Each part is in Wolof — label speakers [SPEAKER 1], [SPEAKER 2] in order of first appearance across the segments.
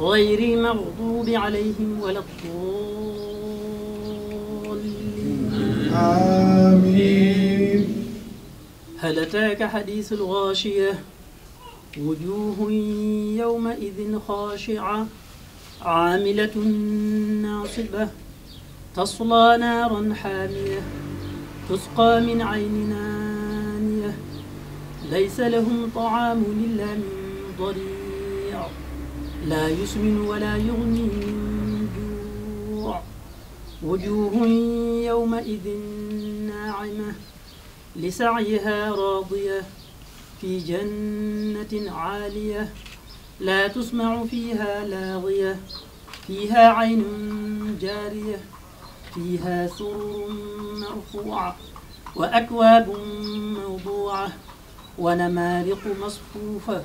[SPEAKER 1] غير المغضوب عليهم ولا الضالين آمين هل أتاك حديث الغاشية وجوه يومئذ خاشعة عاملة ناصبة تصلى نارا حامية تسقى من عين نانية ليس لهم طعام إلا من ضريع لا يسمن ولا يغني من جوع وجوه يومئذ ناعمة لسعيها راضية في جنة عالية لا تسمع فيها لاغية فيها عين جارية فيها سرر مرفوعة وأكواب موضوعة ونمارق مصفوفة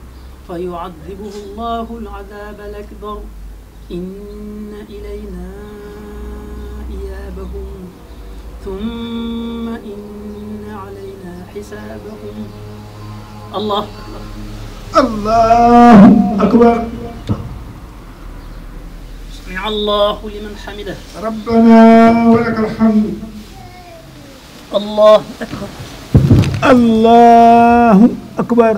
[SPEAKER 1] فيعذبه الله العذاب الأكبر إن إلينا إيابهم ثم إن علينا حسابهم الله
[SPEAKER 2] الله أكبر
[SPEAKER 1] سمع الله لمن حمده ربنا ولك
[SPEAKER 2] الحمد الله أكبر الله أكبر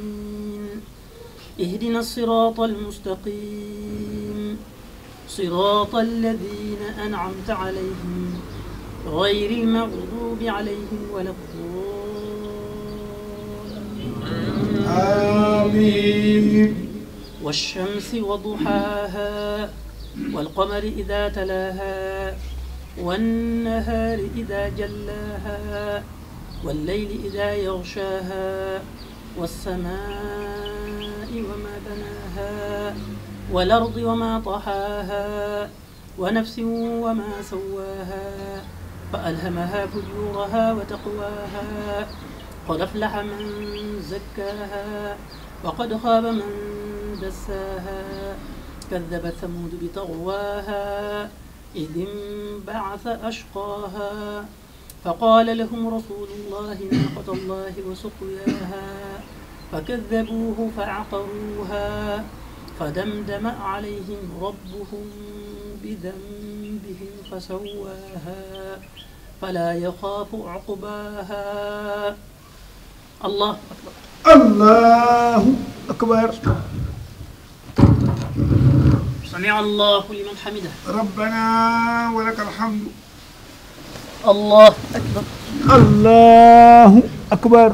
[SPEAKER 1] اهدنا الصراط المستقيم صراط الذين أنعمت عليهم غير المغضوب عليهم ولا الضالين آمين والشمس وضحاها والقمر إذا تلاها والنهار إذا جلاها والليل إذا يغشاها والسماء وما بناها والأرض وما طحاها ونفس وما سواها فألهمها فجورها وتقواها قد أفلح من زكاها وقد خاب من دساها كذبت ثمود بطغواها إذ انبعث أشقاها فقال لهم رسول الله ناقة الله وسقياها فكذبوه فعقروها فدمدم عليهم ربهم بذنبهم فسواها فلا يخاف عقباها
[SPEAKER 2] الله أكبر الله أكبر سمع الله لمن حمده ربنا ولك الحمد الله أكبر الله أكبر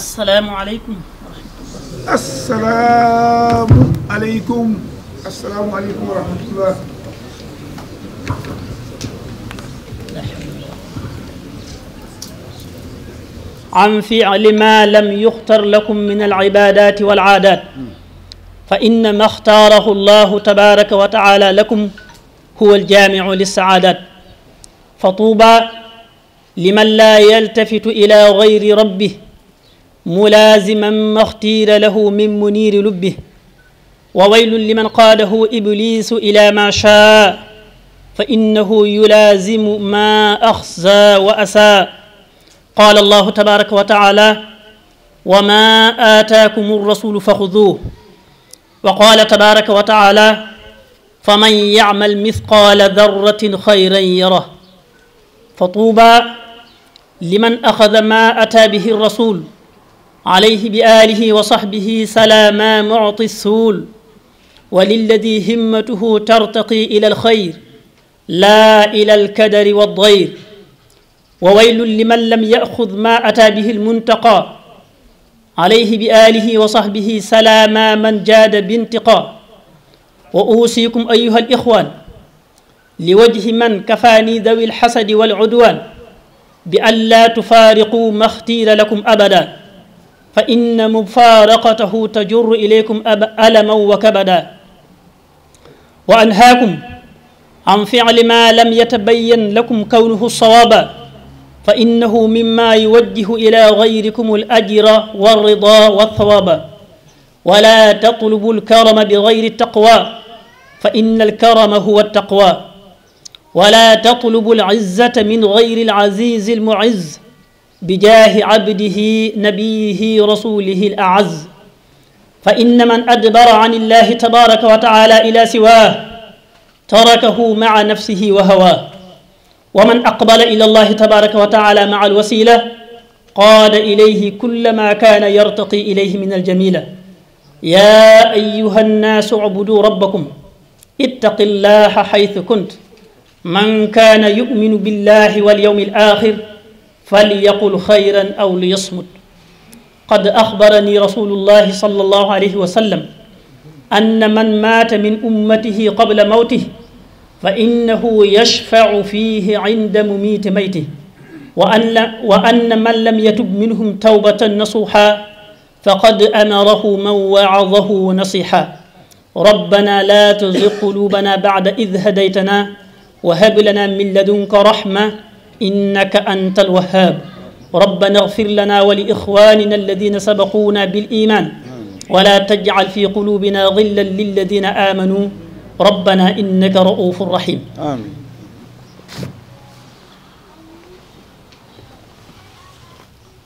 [SPEAKER 1] السلام عليكم
[SPEAKER 3] ورحمة الله السلام عليكم السلام عليكم ورحمة الله
[SPEAKER 1] عن فعل ما لم يختر لكم من العبادات والعادات فإن ما اختاره الله تبارك وتعالى لكم هو الجامع للسعادات فطوبى لمن لا يلتفت إلى غير ربه ملازما ما اختير له من منير لبه وويل لمن قاده إبليس إلى ما شاء فإنه يلازم ما أخزى وأسى قال الله تبارك وتعالى وما آتاكم الرسول فخذوه وقال تبارك وتعالى فمن يعمل مثقال ذرة خيرا يره فطوبى لمن أخذ ما أتى به الرسول عليه بآله وصحبه سلاما معطي السول وللذي همته ترتقي إلى الخير لا إلى الكدر والضير وويل لمن لم يأخذ ما أتى به المنتقى عليه بآله وصحبه سلاما من جاد بانتقى وأوصيكم أيها الإخوان لوجه من كفاني ذوي الحسد والعدوان بأن لا تفارقوا ما اختيل لكم أبداً فإن مفارقته تجر إليكم ألما وكبدا وأنهاكم عن فعل ما لم يتبين لكم كونه الصواب فإنه مما يوجه إلى غيركم الأجر والرضا والثواب ولا تطلبوا الكرم بغير التقوى فإن الكرم هو التقوى ولا تطلبوا العزة من غير العزيز المعز بجاه عبده نبيه رسوله الأعز فإن من أدبر عن الله تبارك وتعالى إلى سواه تركه مع نفسه وهواه ومن أقبل إلى الله تبارك وتعالى مع الوسيلة قاد إليه كل ما كان يرتقي إليه من الجميلة يا أيها الناس اعبدوا ربكم اتق الله حيث كنت من كان يؤمن بالله واليوم الآخر فليقل خيرا أو ليصمت قد أخبرني رسول الله صلى الله عليه وسلم أن من مات من أمته قبل موته فإنه يشفع فيه عند مميت ميته وأن, وأن من لم يتب منهم توبة نصوحا فقد أمره من وعظه نصيحا ربنا لا تزغ قلوبنا بعد إذ هديتنا وهب لنا من لدنك رحمه إنك أنت الوهاب ربنا اغفر لنا ولإخواننا الذين سبقونا بالإيمان ولا تجعل في قلوبنا غلا للذين آمنوا ربنا إنك رؤوف رحيم آمين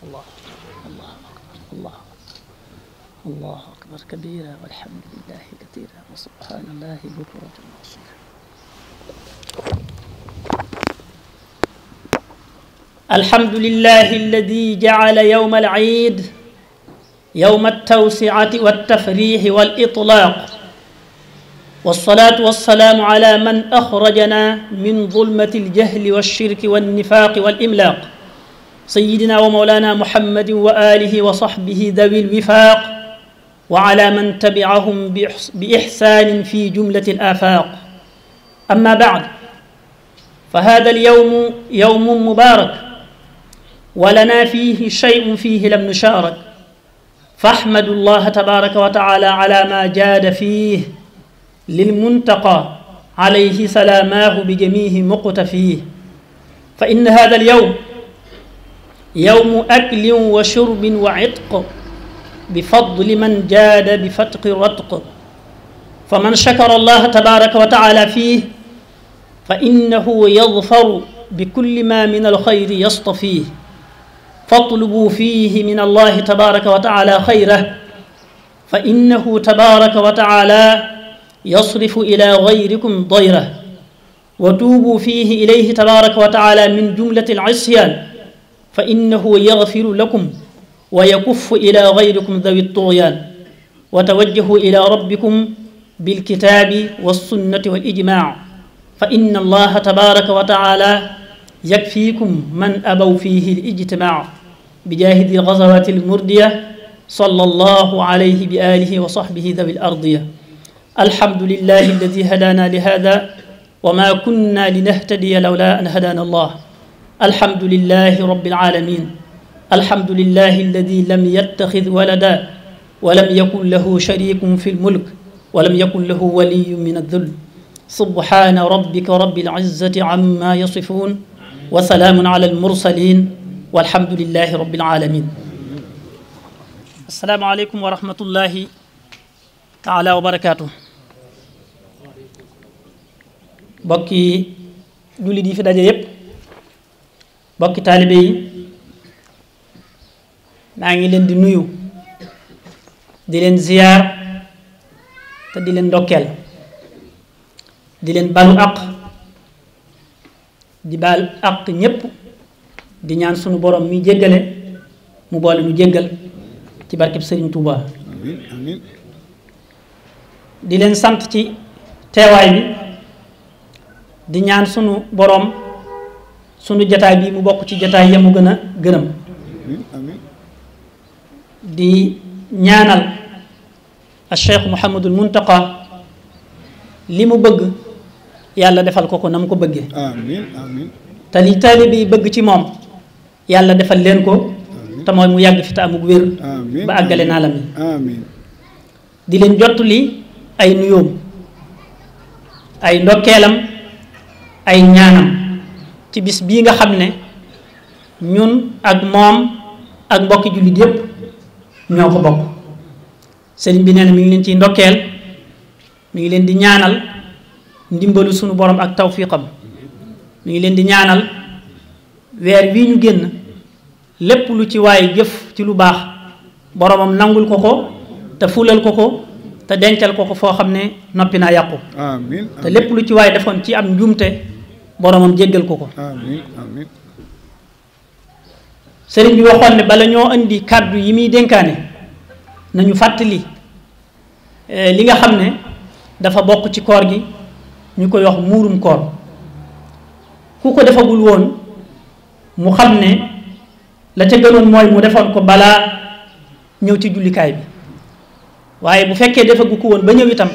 [SPEAKER 2] الله الله الله الله أكبر كبيرا والحمد لله كثيرا وسبحان الله
[SPEAKER 1] بكرة وأصيلا الحمد لله الذي جعل يوم العيد يوم التوسعة والتفريح والإطلاق والصلاة والسلام على من أخرجنا من ظلمة الجهل والشرك والنفاق والإملاق سيدنا ومولانا محمد وآله وصحبه ذوي الوفاق وعلى من تبعهم بإحسان في جملة الآفاق أما بعد فهذا اليوم يوم مبارك ولنا فيه شيء فيه لم نشارك فاحمد الله تبارك وتعالى على ما جاد فيه للمنتقى عليه سلاماه بجميه مقتفيه فإن هذا اليوم يوم أكل وشرب وعتق بفضل من جاد بفتق رتق فمن شكر الله تبارك وتعالى فيه فإنه يظفر بكل ما من الخير يصطفيه فاطلبوا فيه من الله تبارك وتعالى خيره فإنه تبارك وتعالى يصرف إلى غيركم ضيره وتوبوا فيه إليه تبارك وتعالى من جملة العصيان فإنه يغفر لكم ويكف إلى غيركم ذوي الطغيان وتوجهوا إلى ربكم بالكتاب والسنة والإجماع فإن الله تبارك وتعالى يكفيكم من أبوا فيه الاجتماع بجاهد الغزوات المردية صلى الله عليه بآله وصحبه ذوي الأرضية الحمد لله الذي هدانا لهذا وما كنا لنهتدي لولا أن هدانا الله الحمد لله رب العالمين الحمد لله الذي لم يتخذ ولدا ولم يكن له شريك في الملك ولم يكن له ولي من الذل سبحان ربك رب العزة عما يصفون وسلام على المرسلين والحمد لله رب العالمين السلام عليكم ورحمة الله تعالى وبركاته بكي جولي دي في داجة يب بكي طالبي ناغي لين دي نويو دي لين زيار te di leen ndokkeel di leen balu àq di baal àq ñépp di ñaan sunu borom mi jéggale mu boole mu jéggal ci barkeb sëriñ Touba di leen sant ci teewaay bi di ñaan sunu boroom sunu jataay bi mu bokk ci jataay ya mu gën a gërëm di ñaanal al cheikh Mouhamadul Muntaqa li mu bëgg yàlla defal ko ko na mu ko bëggee te li taalibe bëgg ci moom yàlla defal leen ko te mu yàgg fi te amug wér ba àggale naa la mi di leen jottali ay nuyoom ay ndokkeelam ay ñaanam ci bis bii nga xam ne ñun ak moom ak mbokki jullit yépp ñoo ko bokk sëriñ bi nee na mi ngi leen ciy ndokkeel mu ngi leen di ñaanal ndimbalu sunu borom ak tawfiqam mi ngi leen di ñaanal weer wii ñu génn lépp lu ci waay jëf ci lu baax boromam nangul ko ko te fulal ko ko te dencal ko ko foo xam ne noppi naa yàqu te lépp lu ci waay defoon ci am njuumte boromam jéggal ko ko sëriñ bi waxoon ne bala ñoo indi kàddu yi muy dénkaane nañu fàttali eh, li nga xam ne dafa bokk ci koor gi ñu koy wax muurum koor ku ko defagul woon mu xam ne la ca gënoon mooy mu defoon ko balaa ñëw ci jullikaay bi waaye bu fekkee defagu ko woon ba ñëw itam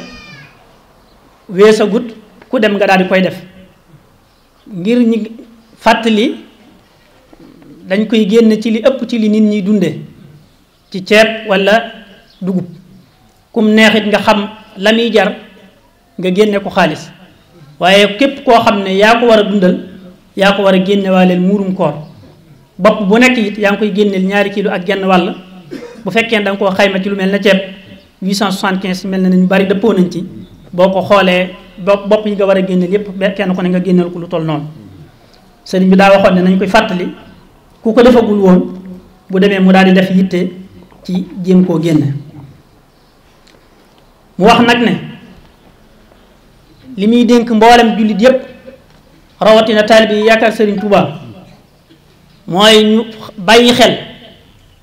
[SPEAKER 1] weesagut ku dem nga daal di koy def ngir ñi fàttali dañ koy génn ci li ëpp ci li nit ñi dunde ci ceeb walla dugub kum neexit nga xam la muy jar nga génne ko xaalis waaye képp koo xam ne yaa ko war a dundal yaa ko war a génnewaaleel muurum koor bopp bu nekk it yaa ngi koy génneel ñaari kilo ak genn wàll bu fekkee da nga koo xayma ci lu mel na ceeb 875 mel na ne ñu bari dëppoo nañ ci boo ko xoolee bopp bopp yi nga war a génneel yépp kenn ko ne nga génneel ko lu toll noonu sëriñ bi daa waxoon ne nañ koy fàttali ku ko defagul woon bu demee mu daal di def yitte ci jéem koo génne mu wax nag ne li muy dénk mboolem jullit yépp rawatina taalibe yi yaakaar sëriñ Touba mooy ñu bàyyi xel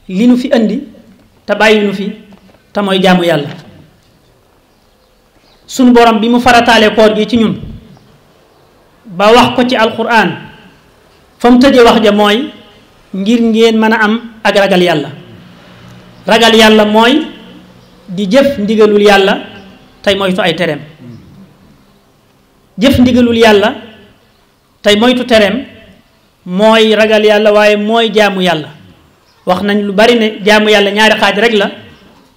[SPEAKER 1] li nu fi indi te bàyyi nu fi te mooy jàmm yàlla sunu borom bi mu farataale koor gi ci ñun ba wax ko ci alxuraan fa mu tëjee wax ja mooy ngir ngeen mën a am ak ragal yàlla ragal yàlla mooy di jëf ndigalul yàlla tey moytu ay tereem jëf ndigalul yàlla tey moytu tereem mooy ragal yàlla waaye mooy jaamu yàlla wax nañ lu bari ne jaamu yàlla ñaari xaaj rek la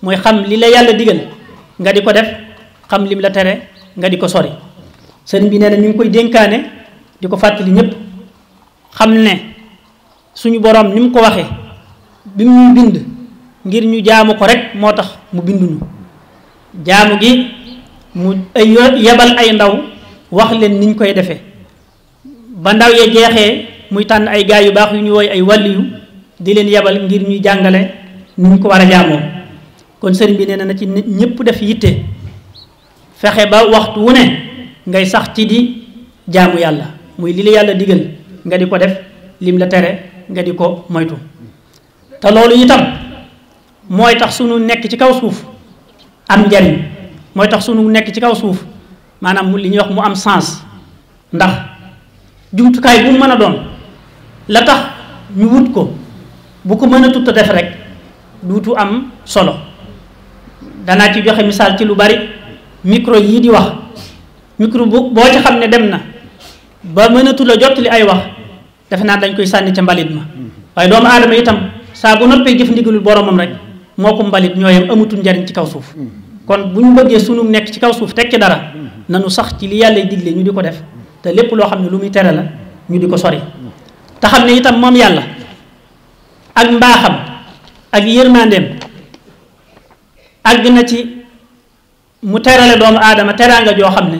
[SPEAKER 1] mooy xam li la yàlla digal nga di ko def xam lim la tere nga di ko sori seen bi nee na ñu ngi koy dénkaane di ko fàttali ñépp xam ne suñu boroom ni mu ko waxee bi mu bind ngir ñu jaamu ko rek moo tax mu binduñu jaamu gi mu ay yebal ay ndaw wax leen niñ koy defee ba ndaw ya jeexee muy tànn ay gaay yu baax yu ñuy woy ay wàlliyu di leen yebal ngir ñuy jàngale ni ñu ko war a jaamoo kon sëriñ bi nee na na ci ñëpp def yitte fexe ba waxtu wu ne ngay sax ci di jaamu yàlla muy li la yàlla digal nga di ko def lim la tere nga di ko moytu te loolu tam mooy tax sunu nekk ci kaw suuf am njariñ mooy tax sunu nekk ci kaw suuf maanaam li ñuy wax mu am sens ndax jumtukaay bu mu mën a doon la tax ñu wut ko bu ko mën def rek duutu am solo danaa ci joxe misaal ci lu bari micro yii di wax micro bu boo ci xam ne dem na ba mënatu la jot li ay wax defe naa dañ koy sànni ca mbalit ma waaye doomu aadama itam saa bu noppee jëf ndigalul boromam rek moo ko mbalit ñooyam amatul njariñ ci kaw suuf mm-hmm. kon bu ñu bëggee sunu nekk ci kaw suuf teg ci dara nanu sax ci li yàlla digle ñu di ko def te lépp loo xam ne lu muy tere la ñu di ko sori te xam ne itam moom yàlla ak mbaaxam ak yërmandem àgg na ci mu terale doomu aadama teraanga joo xam ne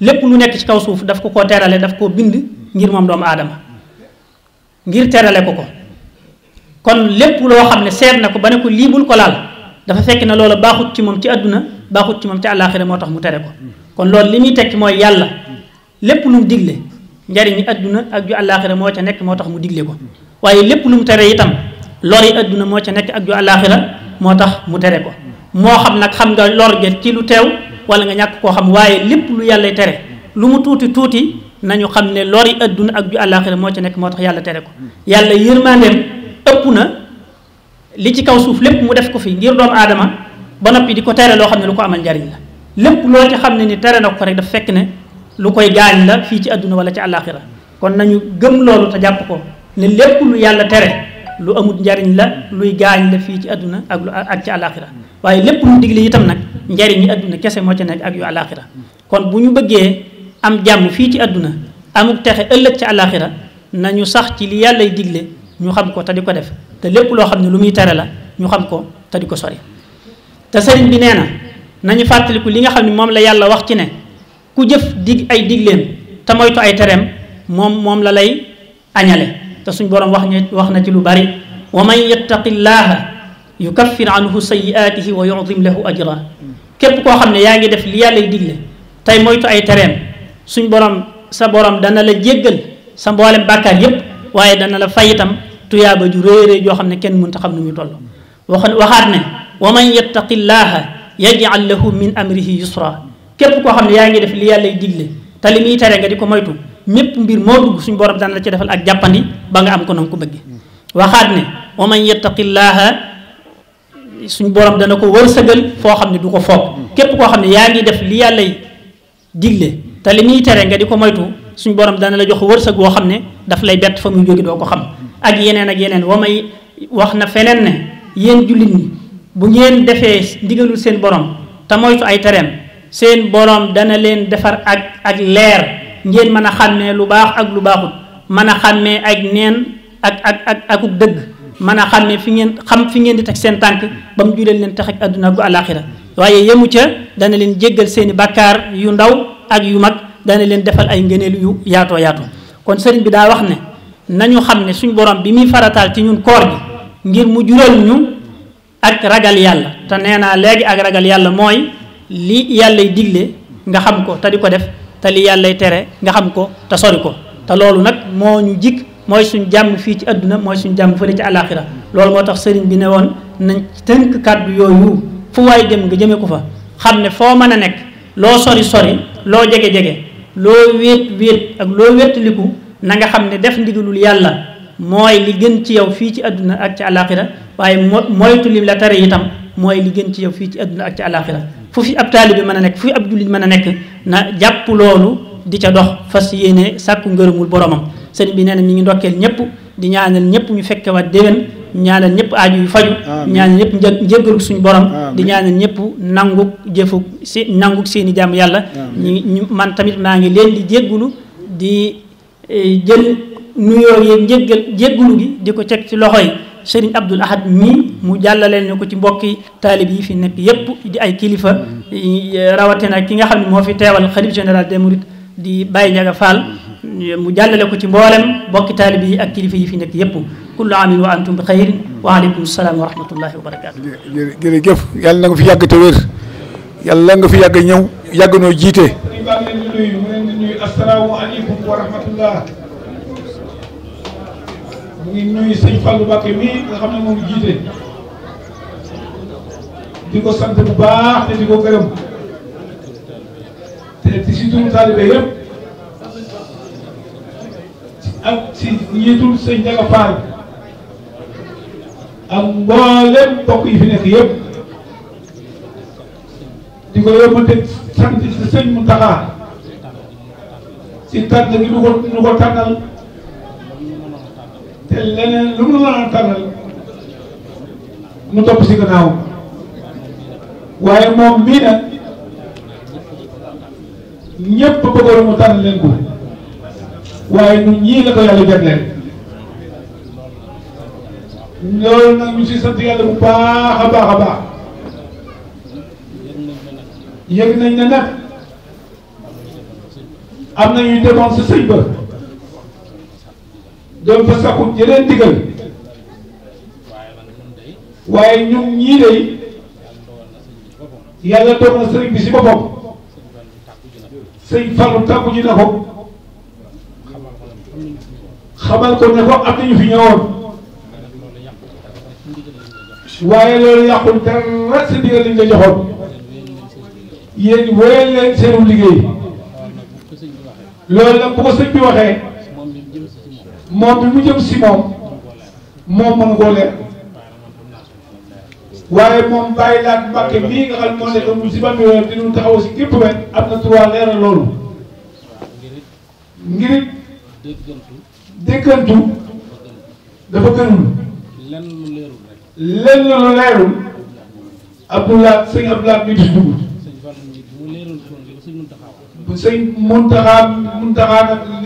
[SPEAKER 1] lépp lu nekk ci kaw suuf daf ko koo terale daf koo bind ngir moom doomu aadama ngir terale ko ko kon lépp loo xam ne seet na ko ba ne ko lii ko laal dafa fekk na loola baaxut ci moom ci àdduna baaxut ci moom ci àllaaxira moo tax mu tere ko kon loolu li muy tekki mooy yàlla lépp lu mu digle njariñu aduna ak ju àllaaxira moo ca nekk moo tax mu digle ko waaye lépp lu mu tere itam lor yi adduna moo ca nekk ak ju àllaaxira moo tax mu tere ko moo xam nag xam nga lor ge ci lu teew wala nga ñàkk koo xam waaye lépp lu yàlla tere lu mu tuuti tuuti nañu xam ne lor yi adduna ak ju àllaaxira moo ca nekk moo yàlla tere ko yàlla yërmandeem ëpp na li ci kaw suuf lépp mu def ko fi ngir doomu aadama ba noppi di ko tere loo xam ne lu ko amal njariñ la lépp loo ci xam ne ni tere na rek daf fekk ne lu koy gaañ la fii ci àdduna wala ci àllaaxira kon nañu gëm loolu te jàpp ko ne lépp lu yàlla tere lu amul njariñ la luy gaañ la fii ci àdduna ak lu ak ci àllaaxira waaye lépp lu digle itam nag njariñu àdduna kese moo ci nekk ak yu àllaaxira kon bu ñu bëggee am jàmm fii ci àdduna amuk texe ëllëg ci àllaaxira nañu sax ci li yàllay digle ñu xam ko te di ko def te lépp loo xam ne lu muy tere la ñu xam ko te di ko sori te sëriñ bi nee na nañu fàttaliku li nga xam ne moom la yàlla wax ci ne ku jëf dig ay digleem te moytu ay terem moom moom la lay añale te suñ borom wax ñu wax na ci lu bari wa man yattaqillaha yukaffir anhu sayiatihi wa yudim lahu ajra képp koo xam ne yaa ngi def li yàlla digle tey moytu ay terem suñ borom sa borom dana la jéggal sa mboolem bàkkaar yépp waaye dana la fay itam tuyaaba ju réerée joo xam ne kenn mënta xam nu muy toll waxaat ne wa man yattaqillaha yajcal lahu min amrihi yusra képp koo xam ne yaa ngi def li yàllay digle te li muy tere nga di ko moytu mépp mbir moo dugg suñu borom daan la ci defal ak jàppandi ba nga am ko nam ko bëgge waxaat ne wa man yattaqillaaha suñu borom dana ko wërsëgal foo xam ne du ko foog képp koo xam ne yaa ngi def li yàlla digle te li muy tere nga di ko moytu suñu borom dana la jox wërsëg woo xam ne daf lay bett fa muy jóge doo ko xam ak yeneen ak yeneen wa may wax na feneen ne yéen jullit ñi bu ngeen defee ndigalul seen borom te moytu ay tereem seen boroom dana leen defar ak ak leer ngeen mën a xàmmee lu baax ak lu baaxul mën a xàmmee ak neen ak ak ak akuk dëgg mën a xàmmee fi ngeen xam fi ngeen di teg seen tànk ba mu jural leen tax ak àdduna gu àllaaxira waaye yemu ca dana leen jéggal seeni bàkkaar yu ndaw ak yu mag dana leen defal ay ngëneel yu yaatoo yaatu kon sëriñ bi daa wax ne nañu xam ne suñu borom bi muy farataal ci ñun koor gi ngir mu jural ñu ak ragal yàlla te nee naa léegi ak ragal yàlla mooy li yàllay digle nga xam ko te di ko def te li yàllay tere nga xam ko te sori ko te loolu nag moo ñu jik mooy suñ jàmm fii ci àdduna mooy suñ jàmm fële ci àllaaxira loolu moo tax sëriñ bi ne woon nañ tënk kàddu yooyu fu waay dem nga jëme ko fa xam ne foo mën a nekk loo sori sori loo jege jege loo wéet wéet ak loo wéetaliku na nga xam ne def ndigalul yàlla mooy li gën ci yow fii ci àdduna ak ci àllaaxira waaye moytu lim la tere itam mooy li gën ci yow fii ci àdduna ak ci àllaaxira fu fi ab taalibe mën a nekk fu fi ab jullit mën a nekk na jàpp loolu di ca dox fas yéene sàkku ngërëmul boromam sëriñ bi nee na mi ngi ndokkeel ñëpp di ñaanal ñëpp ñu fekke waat déwén ñaanal ñëpp aaju yu faju ñaanal ñëpp njëggalu suñu borom di ñaanal ñëpp nanguk jëfuk si nanguk seeni jàmm yàlla ñu man tamit maa ngi leen di jéggulu di eh, jël nuyoo yi njéggal jéggulu gi di ko teg ci loxo yi sëriñ Abdul Ahad mii mu jàllaleel na ko ci mbokki taalib yi fi nekk yépp di ay kilifa rawatina ki nga xam ne moo fi teewal xalif général des mourides di Baye Ndiaga Fall mu jàllale ko ci mboolem mbokki taalib yi ak kilifa yi fi nekk yépp kullu amin wa antum bi wa aleykum salaam wa rahmatullahi wa barakaatu
[SPEAKER 3] jërëjëf yàlla na nga fi yàgg te wér yàlla nga fi yàgg ñëw yàgg noo jiite. mu ngi nuyu sëñ Fallou Mbacké mii nga xam ne moom di ko sant bu baax te di ko gërëm te ci si turu taalibe yëpp ak si njiitul sëñ Ndiaga Fall ak mboolem mbokk yi fi nekk yëpp di ko yóbbante sant si sëñ Mountakha si tànn gi nu ko nu ko tànnal. te leneen lu mu war a tànnal mu topp si gannaaw waaye moom mii nag ñëpp bëggoon mu tànn leen ko waaye ñun ñii la ko yàlla jagleel loolu nag ñu si sant yàlla bu a baax a baax yëg nañ ne nag am na ñuy demoon sa sëñ ba. doon fa sakku yeneen digal waaye ñun ñii day yàlla doon na sëriñ bi si boppam sëriñ Fallou tàggu ñu ne ko xamal ko ne ko am nañu fi ñëwoon waaye loolu yàqul dara si digal liñ la joxoon yéen wéyal leen seenu liggéey loolu nag bu ko sëñ moom bi mu jëm si moom moom man ngoolee waaye moom bàyyi laat mbàkke mii nga xam moo nekk mu si bambi weer di ñu taxaw si képp wet am na trois leeral loolu ngir déggantu
[SPEAKER 2] dafa gënul lenn lu leerul lenn lu leerul
[SPEAKER 3] abdoulaat sëñ abdoulaat mi si dugg sëñ Muntaxaa Muntaxaa nag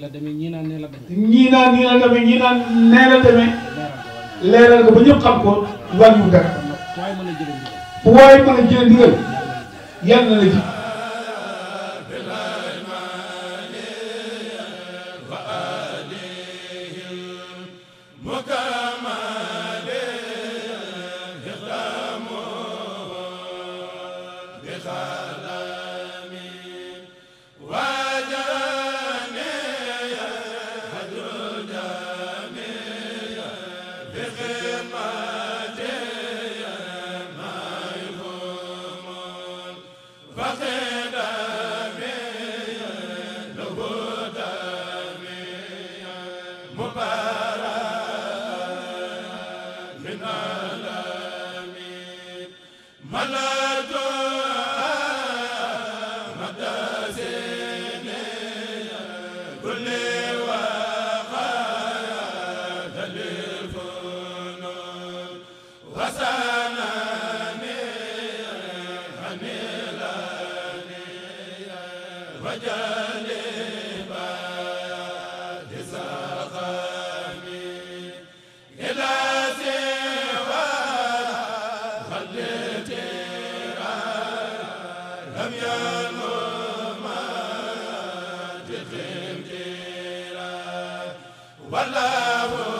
[SPEAKER 3] la demee ñii naan nee la demee. ñii naan nii la demee ñii naan nee la demee. leeral ko ba ñëpp xam ko wàññiwul dara.
[SPEAKER 2] waaye mën a jëlee
[SPEAKER 3] ndigal. waaye mën a jëlee na ji.
[SPEAKER 4] ولا